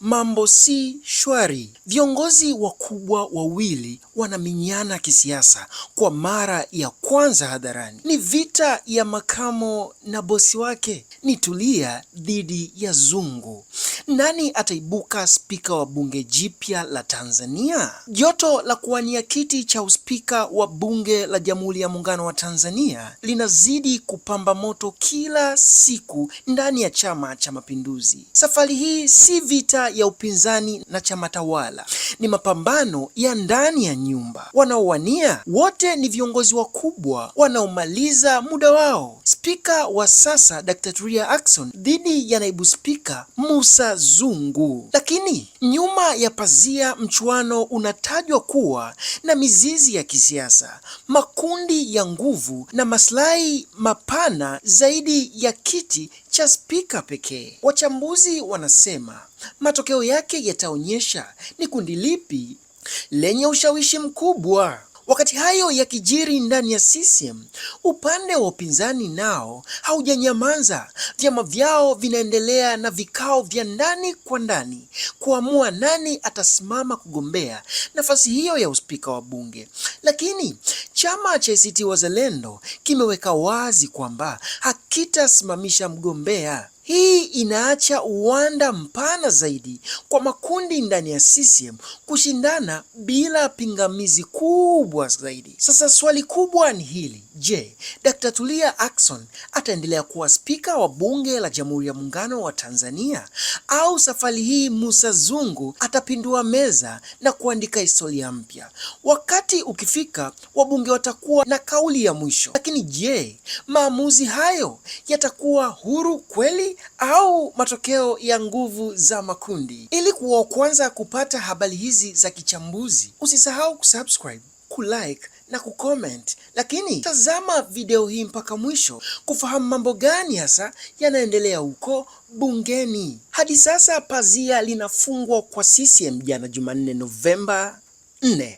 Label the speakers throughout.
Speaker 1: Mambo si shwari. Viongozi wakubwa wawili wanaminyana kisiasa kwa mara ya kwanza hadharani. Ni vita ya Makamo na bosi wake, ni Tulia dhidi ya Zungu. Nani ataibuka spika wa bunge jipya la Tanzania? Joto la kuwania kiti cha uspika wa bunge la Jamhuri ya Muungano wa Tanzania linazidi kupamba moto kila siku ndani ya Chama cha Mapinduzi. Safari hii si vita ya upinzani na chama tawala. Ni mapambano ya ndani ya nyumba. Wanaowania wote ni viongozi wakubwa wanaomaliza muda wao. Spika wa sasa Dr. Tulia Ackson dhidi ya naibu spika Musa Zungu. Lakini nyuma ya pazia, mchuano unatajwa kuwa na mizizi ya kisiasa, makundi ya nguvu na maslahi mapana zaidi ya kiti cha spika pekee. Wachambuzi wanasema matokeo yake yataonyesha ni kundi lipi lenye ushawishi mkubwa. Wakati hayo yakijiri ndani ya CCM, upande wa upinzani nao haujanyamaza. Vyama vyao vinaendelea na vikao vya ndani kwa ndani kuamua nani atasimama kugombea nafasi hiyo ya uspika wa Bunge, lakini Chama cha ACT Wazalendo kimeweka wazi kwamba hakitasimamisha mgombea hii inaacha uwanda mpana zaidi kwa makundi ndani ya CCM kushindana bila pingamizi kubwa zaidi. Sasa swali kubwa ni hili, je, Dkt. Tulia Ackson ataendelea kuwa spika wa bunge la Jamhuri ya Muungano wa Tanzania au safari hii Musa Zungu atapindua meza na kuandika historia mpya? Wakati ukifika, wabunge watakuwa na kauli ya mwisho, lakini je, maamuzi hayo yatakuwa huru kweli? au matokeo ya nguvu za makundi. Ili kuwa kwanza kupata habari hizi za kichambuzi, usisahau kusubscribe, kulike na kucomment, lakini tazama video hii mpaka mwisho kufahamu mambo gani hasa yanaendelea huko bungeni. Hadi sasa pazia linafungwa kwa CCM jana Jumanne Novemba 4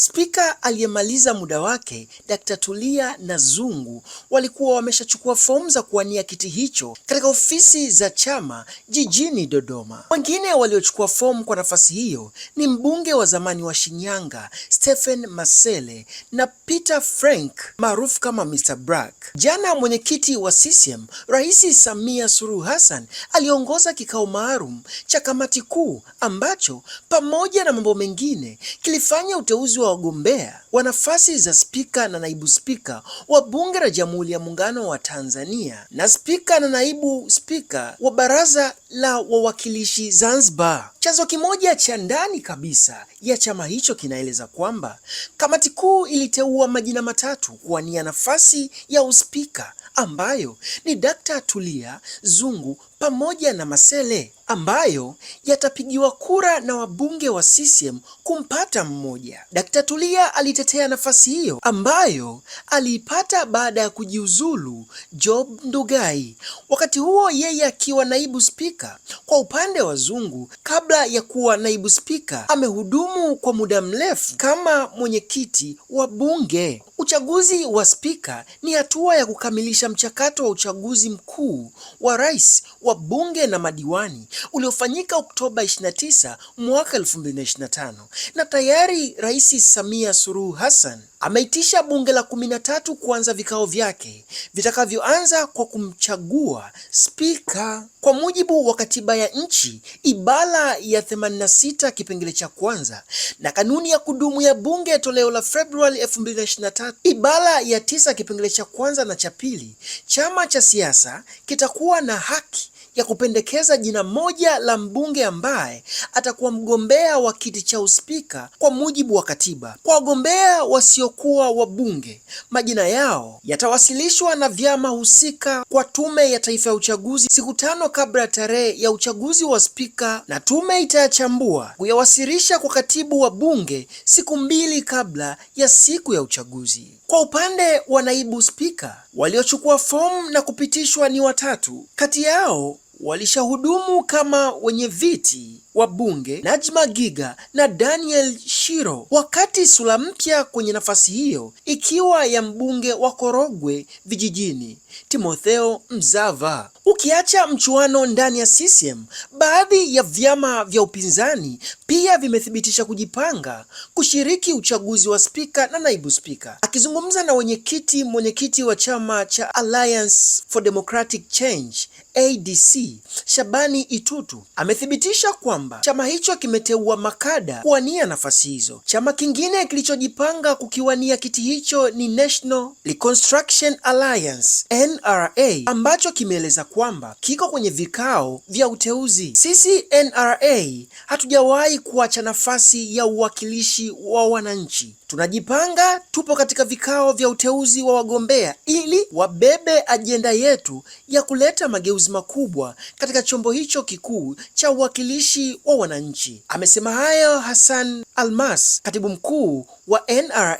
Speaker 1: Spika aliyemaliza muda wake Dkt. Tulia na Zungu walikuwa wameshachukua fomu za kuwania kiti hicho katika ofisi za chama jijini Dodoma. Wengine waliochukua fomu kwa nafasi hiyo ni mbunge wa zamani wa Shinyanga Stephen Masele na Peter Frank maarufu kama Mr. brack Jana mwenyekiti wa CCM Rais Samia Suluhu Hassan aliongoza kikao maalum cha kamati kuu ambacho pamoja na mambo mengine kilifanya uteuzi wa wagombea wa nafasi za spika na naibu spika wa bunge la Jamhuri ya Muungano wa Tanzania na spika na naibu spika wa Baraza la Wawakilishi Zanzibar. Chanzo kimoja cha ndani kabisa ya chama hicho kinaeleza kwamba kamati kuu iliteua majina matatu kuwania nafasi ya uspika ambayo ni Dkt. Tulia Zungu pamoja na Masele ambayo yatapigiwa kura na wabunge wa CCM kumpata mmoja. Dkt. Tulia alitetea nafasi hiyo ambayo aliipata baada ya kujiuzulu Job Ndugai, wakati huo yeye akiwa naibu spika kwa upande wa Zungu. Kabla ya kuwa naibu spika, amehudumu kwa muda mrefu kama mwenyekiti wa Bunge. Uchaguzi wa spika ni hatua ya kukamilisha mchakato wa uchaguzi mkuu wa rais wa wa bunge na madiwani uliofanyika Oktoba 29 mwaka 2025, na tayari Rais Samia Suluhu Hassan ameitisha bunge la 13 kuanza vikao vyake vitakavyoanza kwa kumchagua spika kwa mujibu wa katiba ya nchi ibara ya 86 kipengele cha kwanza na kanuni ya kudumu ya bunge toleo la Februari 2023 ibara ya tisa kipengele cha kwanza na cha pili. Chama cha siasa kitakuwa na haki ya kupendekeza jina moja la mbunge ambaye atakuwa mgombea wa kiti cha uspika kwa mujibu wa katiba. Kwa wagombea wasiokuwa wabunge, majina yao yatawasilishwa na vyama husika kwa Tume ya Taifa ya Uchaguzi siku tano kabla ya tarehe ya uchaguzi wa spika, na tume itayachambua kuyawasilisha kwa katibu wa bunge siku mbili kabla ya siku ya uchaguzi. Kwa upande wa naibu spika, waliochukua fomu na kupitishwa ni watatu. Kati yao Walishahudumu kama wenye viti wa bunge Najma Giga na Daniel Shiro, wakati sura mpya kwenye nafasi hiyo ikiwa ya mbunge wa Korogwe Vijijini Timotheo Mzava. Ukiacha mchuano ndani ya CCM, baadhi ya vyama vya upinzani pia vimethibitisha kujipanga kushiriki uchaguzi wa spika na naibu spika. Akizungumza na wenyekiti mwenyekiti wa chama cha Alliance for Democratic Change ADC, Shabani Itutu amethibitisha kwamba chama hicho kimeteua makada kuwania nafasi hizo. Chama kingine kilichojipanga kukiwania kiti hicho ni National Reconstruction Alliance NRA ambacho kimeeleza kwamba kiko kwenye vikao vya uteuzi. Sisi NRA hatujawahi kuacha nafasi ya uwakilishi wa wananchi. Tunajipanga, tupo katika vikao vya uteuzi wa wagombea ili wabebe ajenda yetu ya kuleta mageuzi makubwa katika chombo hicho kikuu cha uwakilishi wa wananchi. Amesema hayo Hassan Almas, katibu mkuu wa NRA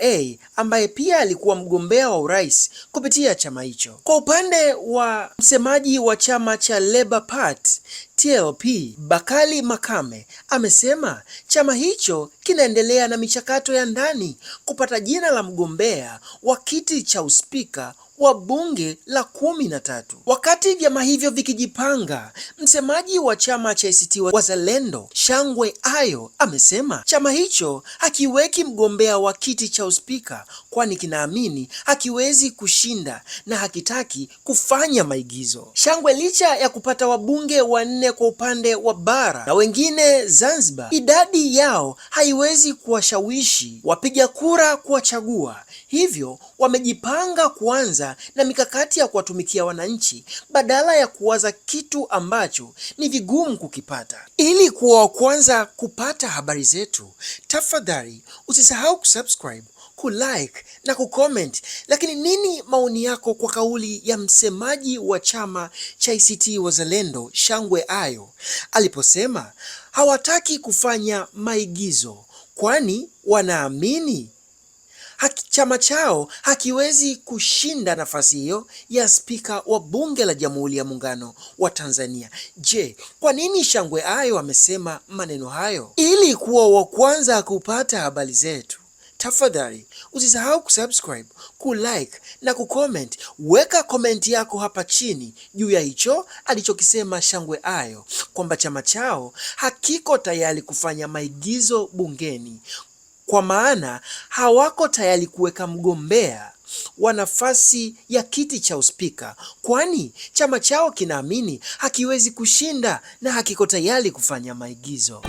Speaker 1: ambaye pia alikuwa mgombea wa urais kupitia chama hicho. Kwa upande wa msemaji wa chama cha Labour Party TLP, Bakali Makame amesema chama hicho kinaendelea na michakato ya ndani kupata jina la mgombea wa kiti cha uspika wa bunge la kumi na tatu. Wakati vyama hivyo vikijipanga, msemaji wa chama cha ACT Wazalendo Shangwe Ayo amesema chama hicho hakiweki mgombea wa kiti cha uspika, kwani kinaamini hakiwezi kushinda na hakitaki kufanya maigizo. Shangwe licha ya kupata wabunge wanne kwa upande wa bara na wengine Zanzibar, idadi yao haiwezi kuwashawishi wapiga kura kuwachagua Hivyo wamejipanga kuanza na mikakati ya kuwatumikia wananchi badala ya kuwaza kitu ambacho ni vigumu kukipata. Ili kuwa wa kwanza kupata habari zetu, tafadhali usisahau kusubscribe, kulike na kucomment. Lakini nini maoni yako kwa kauli ya msemaji wa chama cha ACT Wazalendo Shangwe Ayo aliposema hawataki kufanya maigizo kwani wanaamini haki, chama chao hakiwezi kushinda nafasi hiyo ya spika wa bunge la Jamhuri ya Muungano wa Tanzania. Je, kwa nini Shangwe Ayo amesema maneno hayo? Ili kuwa wa kwanza kupata habari zetu, tafadhali usisahau kusubscribe, kulike na kucomment. Weka komenti yako hapa chini juu ya hicho alichokisema Shangwe Ayo kwamba chama chao hakiko tayari kufanya maigizo bungeni kwa maana hawako tayari kuweka mgombea wa nafasi ya kiti cha uspika, kwani chama chao kinaamini hakiwezi kushinda na hakiko tayari kufanya maigizo.